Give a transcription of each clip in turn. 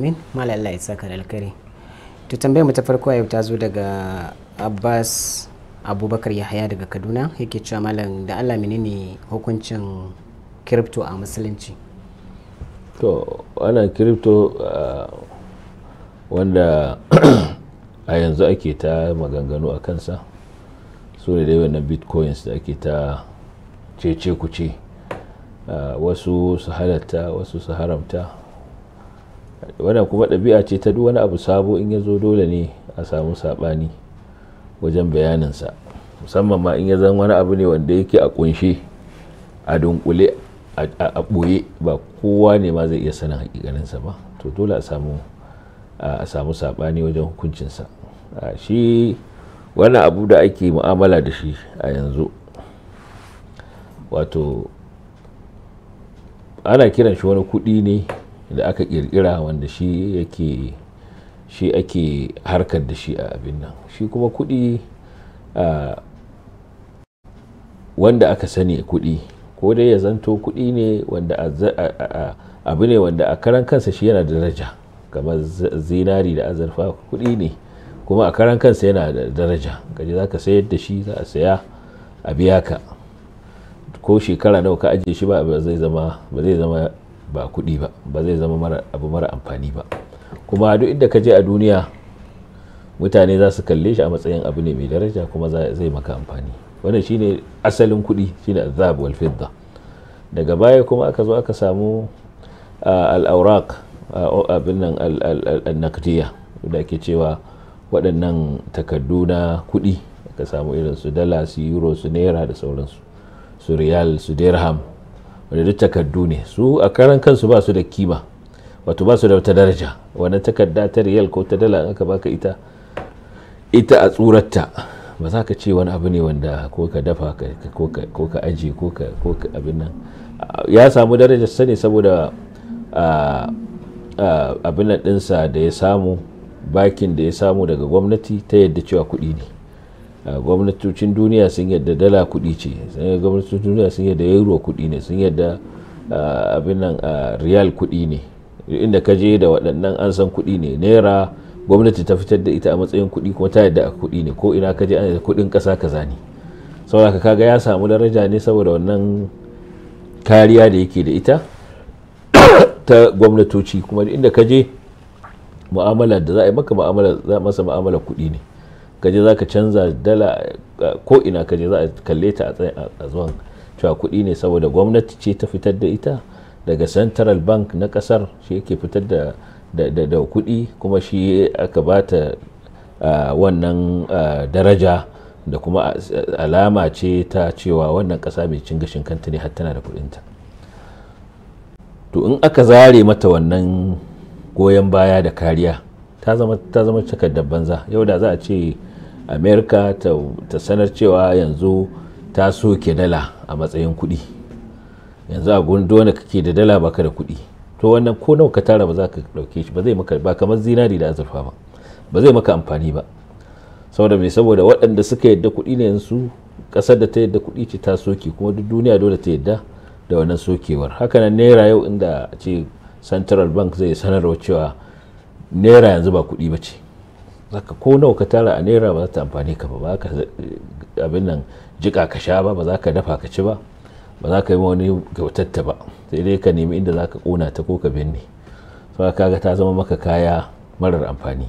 Amin, Allah ya saka alkari. To tambayar mu ta farko yau ta zo daga Abbas Abubakar Yahaya daga Kaduna yake cewa malam da Allah menene hukuncin crypto a musulunci? To, wannan crypto ah, wanda a yanzu ake ta maganganu a kansa su ne dai wannan bitcoins da ake ta cece kuce ah, wasu su halatta wasu su haramta wadda kuma ɗabi'a ce ta duk wani abu sabo in ya zo dole ne a samu saɓani wajen bayaninsa musamman ma in ya zan wani abu ne wanda yake a kunshe a dunkule a ɓoye ba kowa ne ma zai iya sanin hakikaninsa ba to dole a samu saɓani wajen hukuncinsa shi wani abu da ake mu'amala da shi a yanzu wato ana kiran shi wani kuɗi ne da aka kirkira wanda shi yake shi ake harkar da shi a abin nan shi kuma kudi wanda aka sani kudi ko dai ya zanto kudi ne wanda abu ne wanda a karan kansa shi yana da daraja kamar zinari da azurfa kudi ne kuma a karan kansa yana da daraja kaji za ka sayar da shi za a saya a biya ka ko shekara nawa ka ajiye shi ba zai zama ba kuɗi ba ba zai zama mara abu mara amfani ba kuma duk inda ka je a duniya mutane za su kalle shi a matsayin abu ne mai daraja kuma zai maka amfani wannan shine asalin kuɗi shine azab wal fidda daga baya kuma aka zo aka samu al-awraq abin nan al-naqdiyya da ake cewa waɗannan takardu na kuɗi aka samu irin su dala su euro su naira da sauransu su riyal su dirham wanda duk takardu ne su a karan kansu ba su da kima wato ba su da wata daraja wani takarda ta riyal ko ta dala aka baka ita ita a tsurarta ba za ka ce wani abu ne wanda ko ka dafa ko ka aji ko ka abin nan ya samu daraja sani saboda abin nan dinsa da ya samu bakin da ya samu daga gwamnati ta yadda cewa kuɗi ne Ah, gwamnatocin duniya sun yadda dala kudi ce gwamnatocin duniya sun yadda euro kudi ne sun yadda ah, abin nan ah, riyal kuɗi ne inda ka je da waɗannan an san kudi ne naira gwamnati ta fitar da ita a matsayin kudi kuma ta yadda a kudi ne ko ina ka je an kudin ƙasa kaza ne saboda kaga ya samu daraja ne saboda wannan kariya da yake da ita ta gwamnatoci kuma inda ka je mu'amala da za a yi maka mu'amala za masa mu'amala kudi ne kaje za ka canza dala ko ina kaje za a kalle ta a zuwan cewa kuɗi ne saboda gwamnati ce ta fitar da ita daga central bank na kasar shi yake fitar da da kuɗi kuma shi aka ba ta wannan daraja da kuma alama ce ta cewa wannan ƙasa mai cin gashin kanta ne har tana da kuɗinta to in aka zare mata wannan goyon baya da kariya ta zama takardar banza yau da za a ce amerika ta, sanar cewa yanzu ta soke dala a matsayin kuɗi yanzu a gundu wanda kake da dala baka da kuɗi to wannan ko nawa ka tara ba za ka dauke shi ba zai maka ba kamar zinari da azurfa ba ba zai maka amfani ba saboda mai saboda waɗanda suka yadda kuɗi ne yanzu ƙasar da ta yadda kuɗi ce ta soke kuma duk duniya dole ta yadda da wannan sokewar haka nan naira yau inda ce central bank zai sanarwa cewa naira yanzu ba kuɗi ba ce zaka ko nawa ka tara a naira ba za ta amfani ka ba ba ka eh, abin nan jika ka sha ba ba za ka dafa ka ci ba ba za ka yi wani kyautatta ba sai dai ka nemi inda za ka kona ta ko ka binne saboda kaga ta zama maka kaya marar amfani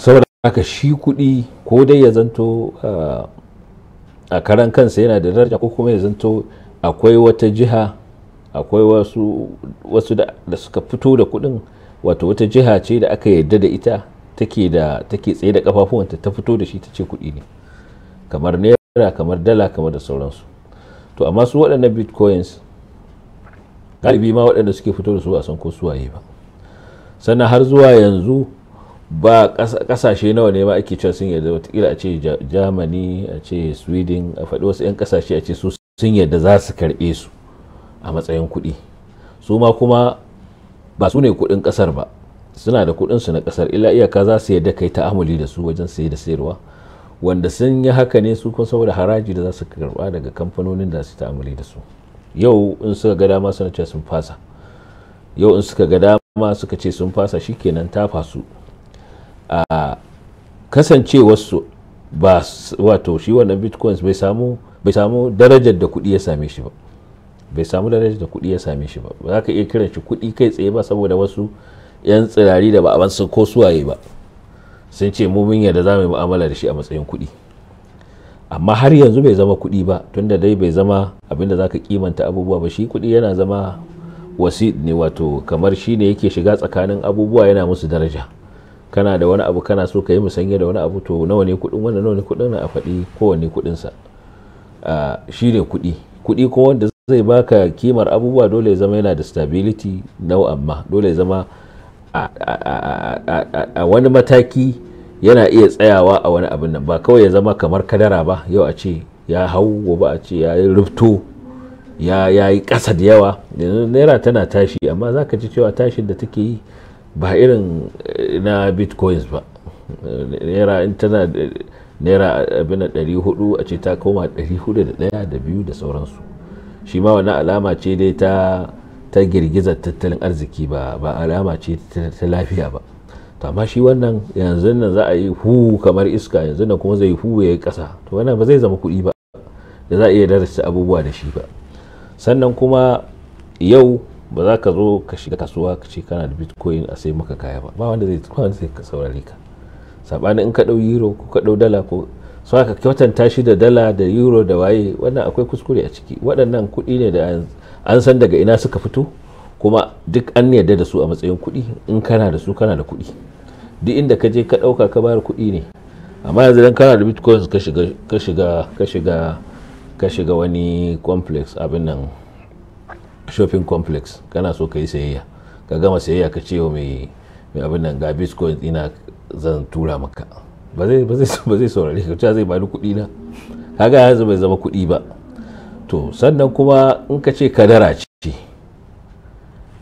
saboda haka shi kuɗi ko dai ya zanto eh, a karan kansa yana da daraja ko kuma ya zanto akwai wata jiha akwai wasu da suka fito da kuɗin wato wata jiha ce da aka yarda da ita take da take tsaye da kafafuwanta ta fito da shi ta ce kuɗi ne kamar naira kamar dala kamar da sauransu to amma su waɗannan bitcoins galibi ma waɗanda suke fito da su a san ko suwaye ba sannan har zuwa yanzu ba kasashe nawa ne ma ake cewa sun yarda watakila a ce germany a ce sweden a faɗi wasu 'yan kasashe a ce su sun yarda za su karɓe su a matsayin kuɗi su ma kuma ba su ne kuɗin ƙasar ba suna da kuɗin su na kasar illa iyaka za su yadda kai ta'amuli da su wajen saye da sayarwa wanda sun yi haka ne su kun saboda haraji da za su karba daga kamfanonin da su ta'amuli da su yau in suka ga dama suna ce sun fasa yau in suka ga dama suka ce sun fasa shikenan ta fasu a su ba wato shi wannan bitcoins bai samu bai samu darajar da kuɗi ya same shi ba bai samu darajar da kuɗi ya same shi ba ba za ka iya kiran shi kuɗi kai tsaye ba saboda wasu yan tsirari da ba a san ko suwaye ba sun ce mu mun yarda za mu yi mu'amala da shi a matsayin kuɗi amma har yanzu bai zama kuɗi ba tunda dai bai zama abinda za ka kimanta abubuwa ba shi kuɗi yana zama wasi ne wato kamar shi ne yake shiga tsakanin abubuwa yana musu daraja kana da wani abu kana so ka yi musanya da wani abu to nawa ne kuɗin wannan nawa ne kuɗin a faɗi kowanne sa shi ne kuɗi kuɗi ko wanda zai baka kimar abubuwa dole ya zama yana da stability nau'an ma dole ya zama a wani mataki yana iya tsayawa a wani abin nan ba kawai ya zama kamar kadara ba yau a ce ya hau gobe a ce ya yi rufto ya yi ƙasa da yawa naira tana tashi amma za ka ci cewa tashin da take yi ba irin eh, na bitcoins ba naira in tana naira abin da ɗari a ce ta koma ɗari hudu da ɗaya da biyu da sauransu shi ma wani alama ce dai ta ta girgizar tattalin arziki ba ba alama ce ta lafiya ba to amma shi wannan yanzu nan za a yi hu kamar iska yanzu nan kuma zai yi hu ya yi kasa to wannan ba zai zama kuɗi ba da za a iya darasta abubuwa da shi ba sannan kuma yau ba za ka zo ka shiga kasuwa ka ce kana da bitcoin a sai maka kaya ba ba wanda zai saurare ka saɓanin in ka ɗau euro ko ka ɗau dala ko so aka kwatanta shi da dala da euro da waye wannan akwai kuskure a ciki waɗannan kuɗi ne da an san daga ina suka fito kuma duk an yarda da su a matsayin kuɗi in kana da su kana da kuɗi duk inda ka je ka ɗauka ka bayar kuɗi ne amma yanzu dan kana da bitcoins ka shiga ka shiga ka shiga ka shiga wani complex abin nan shopping complex kana so ka yi sayayya ka gama sayayya ka ce wa mai abin nan ga bitcoins ina zan tura maka ba zai ba zai saurare ka cewa zai bani kuɗi na kaga yanzu bai zama kuɗi ba to sannan kuma in ka ce kadara ce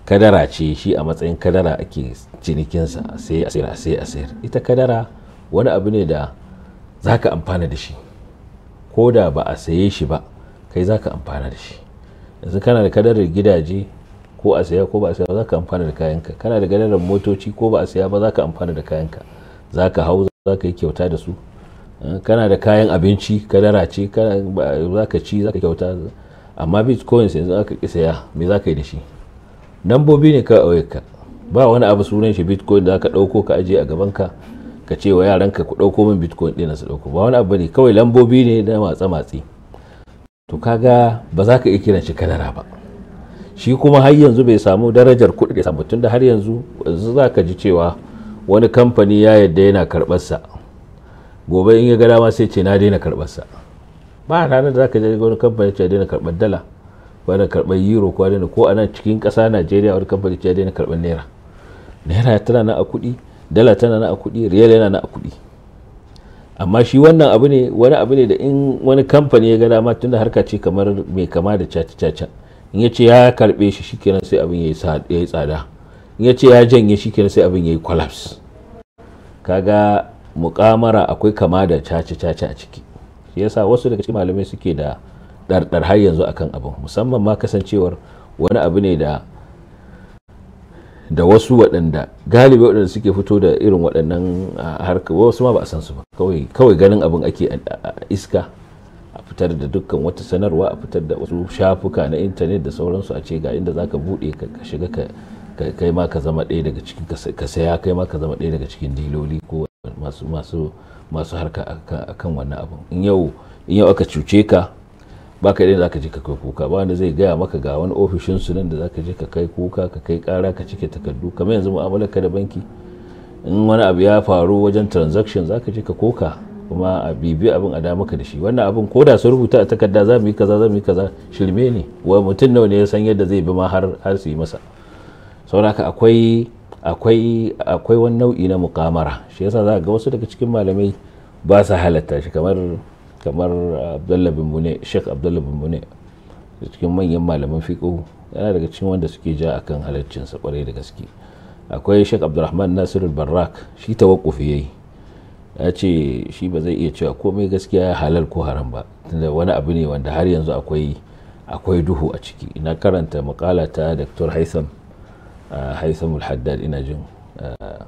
kadara ce shi a matsayin kadara ake cinikinsa sai a sayar a sayar a sayar ita kadara wani abu ne da za ka amfana da shi ko da ba a saye shi ba kai za ka amfana da shi yanzu kana da kadarar gidaje ko a saya ko ba a saya ba za ka amfana da kayanka kana da kadarar motoci ko ba a saya ba za ka amfana da kayanka za ka hau za ka yi kyauta da su eh, kana da kayan abinci kadara ce za ka ci za ka kyauta amma sai za ka kisa saya me za ka yi da shi nambobi ne ka ka ba wani abu sunan shi bitcoin za ka dauko ka ajiye a gaban ka ka ce wa yaranka ku ɗauko min bitcoin ɗin su ɗauko ba wani abu ne kawai lambobi ne na matsa matsi to kaga ba za ka iya kiran shi kadara ba shi kuma har yanzu bai samu darajar kuɗi da samu da har yanzu za ka ji cewa wani kamfani ya yadda yana karɓarsa gobe in ya ga dama sai ce na daina karɓarsa ba a ranar da za ka je wani kamfani ce daina karɓar dala ko daina karɓar euro ko daina ko a nan cikin ƙasa najeriya wani kamfani ce daina karɓar naira naira tana nan a kuɗi dala tana nan a kuɗi riyal yana nan a kuɗi amma shi wannan abu ne wani abu ne da in wani kamfani ya ga dama tunda harka ce kamar mai kama da caca-caca in ya ce ya karɓe shi shikenan sai abin ya yi tsada in ya ce ya janye shi kenan sai abin ya yi collapse kaga mukamara akwai kama da cace cace a ciki shi yasa wasu daga cikin malamai suke da ɗarɗar har yanzu akan abin musamman ma kasancewar wani abu ne da da wasu waɗanda galibi waɗanda suke fito da irin waɗannan harka wasu ma ba a san su ba kawai ganin abin ake iska a fitar da dukkan wata sanarwa a fitar da wasu shafuka na intanet da sauransu a ce ga inda zaka buɗe ka shiga ka kai ma ka zama ɗaya daga cikin ka saya kai ma ka zama ɗaya daga cikin diloli ko masu masu masu harka akan wannan abu in yau in yau aka cuce ka ba ka za ka je ka kai kuka ba wanda zai gaya maka ga wani ofishin su nan da zaka ka je ka kai kuka ka kai kara ka cike takardu kamar yanzu mu'amalar ka da banki in wani abu ya faru wajen transaction zaka ka je ka koka kuma a bibi abin a da maka da shi wannan abin ko da su rubuta a takarda za mu yi kaza za mu yi kaza shirme ne wa mutum nawa ne ya san yadda zai bi ma har har su yi masa sauraka akwai akwai akwai wani nau'i na mukamara shi yasa za ga wasu daga cikin malamai ba su halatta shi kamar kamar abdullahi bin bune sheikh abdullahi bin bune cikin manyan malaman fiqo yana daga cikin wanda suke ja akan sa kwarai da gaske akwai sheikh abdulrahman nasir barrak shi tawakkufi yayi ya ce shi ba zai iya cewa komai gaskiya halal ko haram ba tunda wani abu ne wanda har yanzu akwai akwai duhu a ciki na karanta makala ta dr haisam Ah, haisamul haddad ina jin ah,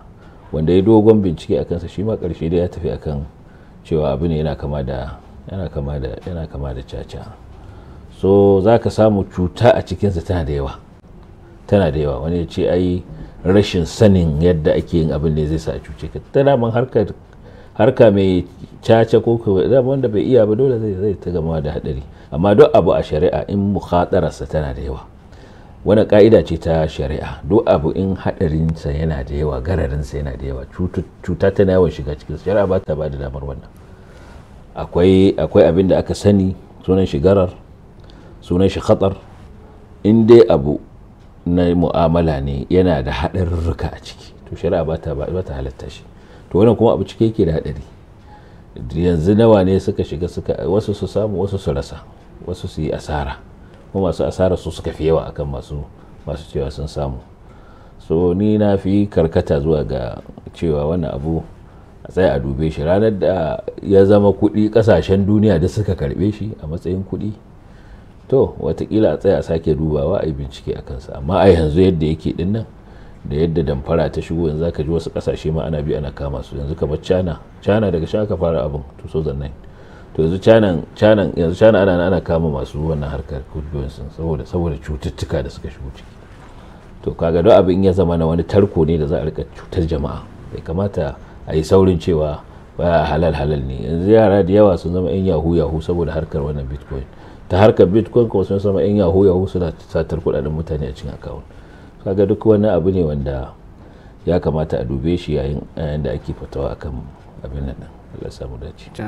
wanda ya dogon bincike a kansa shi ma karshe da ya tafi akan cewa abu ne yana kama da caca so za ka samu cuta a cikinsa tana da yawa tana da yawa wani ya ce ai rashin sanin yadda ake yin abin ne zai sa a cuce ka ta daman harka mai caca ko wanda bai iya ba dole zai ta gama da hadari amma duk abu a shari'a in mukhadararsa tana da yawa wani ka'ida ce ta shari'a duk abu in haɗarinsa yana da yawa gararinsa yana da yawa cuta tana yawan shiga cikin shari'a ba ta ba da damar wannan akwai akwai abin da aka sani sunan shi garar sunan shi khatar in dai abu na mu'amala ne yana da haɗarurruka a ciki to shari'a ba ta halatta shi to wannan kuma abu cike yake da haɗari yanzu nawa ne suka shiga suka wasu su samu wasu su rasa wasu su yi asara kuma masu asara su suka fi yawa akan masu masu cewa sun samu so ni na fi karkata zuwa ga cewa wani abu a tsaye a dube shi ranar da ya zama kuɗi kasashen duniya da suka karɓe shi a matsayin kuɗi to watakila a tsaye a sake dubawa a yi bincike a kansa amma a yanzu yadda yake dinnan da yadda damfara ta shigo yanzu ka ji wasu ƙasashe ma ana bi ana kama su yanzu kamar china china daga sha aka fara abin 2009 to yanzu china yanzu china ana ana kama masu wannan harkar cryptocurrency saboda saboda cututtuka da suka shigo ciki to kaga don abin ya zama na wani tarko ne da za a rika cutar jama'a bai kamata a yi saurin cewa ba halal halal ne yanzu yara da yawa sun zama yan yahu yahu saboda harkar wannan bitcoin ta harkar bitcoin kuma sun zama yan yahu yahu suna satar kudaden mutane a cikin account kaga duk wani abu ne wanda ya kamata a dube shi yayin da ake fatawa akan abin nan Allah samu dace